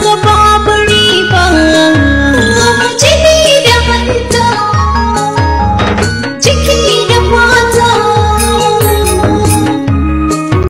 我爸你的梦。